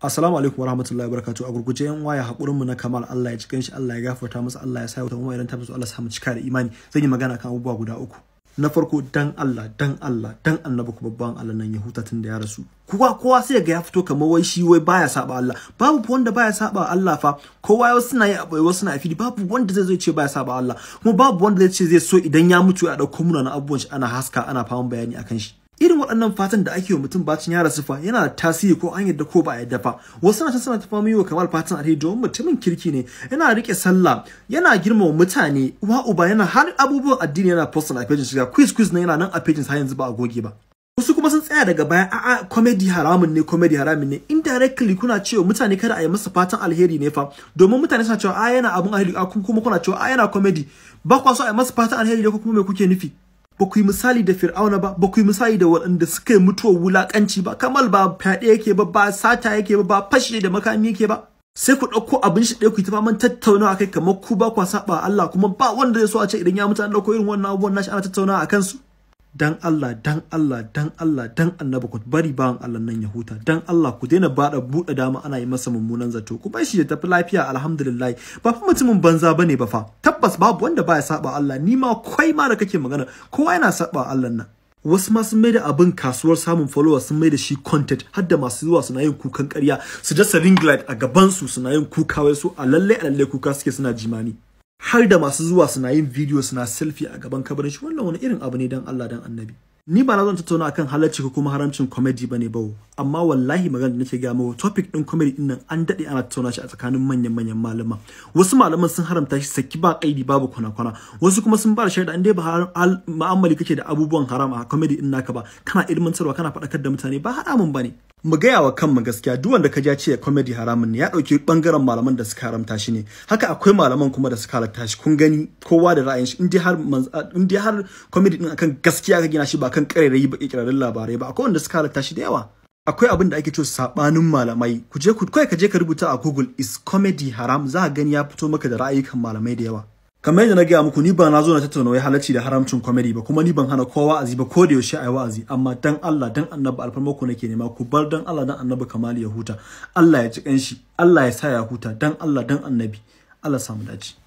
Assalamu alaikum warahmatullahi wabarakatuh a gurguje yan waya hakurin mu na kamal Allah ya ji shi Allah ya gafarta masa Allah ya sa wuta kuma idan ta musu Allah ya samu cika da imani zan yi magana kan abubuwa guda uku na farko dan Allah dan Allah dan annabi ku babban Allah nan ya tun da ya rasu kowa kowa sai ga ya fito kamar wai shi wai baya saba Allah babu wanda baya saba Allah fa kowa wasu suna yi abai wasu suna fili babu wanda zai zo ce baya saba Allah kuma babu wanda zai ce zai so idan ya mutu a dauko muna na abubuwan shi ana haska ana faman bayani akan shi irin waɗannan fatan da ake wa mutum bacin ya rasu fa yana da tasiri ko an yadda ko ba a yadda fa wasu na suna tafa wa kamar fatan alheri domin mutumin kirki ne yana rike sallah yana girmama mutane uwa uba yana har abubuwan addini yana postal a pejin shiga quiz quiz na yana nan a pejin har yanzu ba a goge ba wasu kuma sun tsaya daga baya a'a comedy haramun ne comedy haramun ne indirectly kuna cewa mutane kada a yi masa fatan alheri ne fa domin mutane suna cewa a yana abun alheri kuma kuna cewa a yana comedy ba kwa so a yi masa fatan alheri ne kuma me kuke nufi ba ku yi misali da fir'auna ba ba ku yi misali da waɗanda suka yi mutuwar wulaƙanci ba kamal ba fyaɗe yake ba ba sata yake ba ba fashe da makami yake ba sai ku ɗauko abin shi ɗaya ku yi ta faman tattaunawa kai kamar ku ba kwa saɓa Allah kuma ba wanda zai so a ce idan ya mutu an ɗauko irin wannan abubuwan nashi ana tattaunawa a kansu dan Allah dan Allah dan Allah dan annabi ku bari bawan Allah nan ya huta dan Allah ku daina bada buɗe dama ana yi masa mummunan zato ku bar shi ya tafi lafiya alhamdulillah ba fa mutumin banza bane ba fa tabbas babu wanda baya saba Allah ni ma kai ma da kake magana kowa yana saba Allah nan wasu ma sun mai da abin kasuwar samun followers sun mai da shi content har da masu zuwa suna yin kukan ƙarya su dasa ring light a gaban su suna yin kuka wai su a lalle a lalle kuka suke suna jimani. har da masu zuwa suna yin video suna selfie a gaban kabarin shi wannan wani irin abu ne dan Allah dan annabi ni ba na zan tattauna akan halarci ko kuma haramcin comedy bane ba amma wallahi magana nake ga mawa topic din comedy din nan an dade ana tattauna shi a tsakanin manyan manyan malama wasu malaman sun haramta shi saki ba kaidi babu kwana kwana wasu kuma sun ba da shaida inda ba ma'amali kake da abubuwan haram a comedy din naka ba kana ilmantarwa kana faɗakar da mutane ba haramun bane mu gaya wa kanmu gaskiya duk wanda ka ja ce comedy haramun ne ya ɗauki bangaren malaman da suka haramta shi ne haka akwai malaman kuma da suka halatta shi kun gani kowa da ra'ayin shi in dai har in comedy din akan gaskiya ka gina shi ba kan karerai ba kirarin labarai ba akwai wanda suka halatta shi da yawa akwai abin da ake cewa saɓanin malamai ku je ku kai ka je ka rubuta a Google is comedy haram za a gani ya fito maka da ra'ayikan malamai da yawa kamar yadda na gaya muku ni ba na zo na tattauna wai halacci da haramcin comedy ba kuma ni ban hana kowa wa'azi ba ko da yaushe yi wa'azi amma dan Allah dan annabi alfarma ku nake nema ku bar dan Allah dan annabi kamali ya huta Allah ya ci kanshi Allah ya sa ya huta dan Allah dan annabi Allah samu dace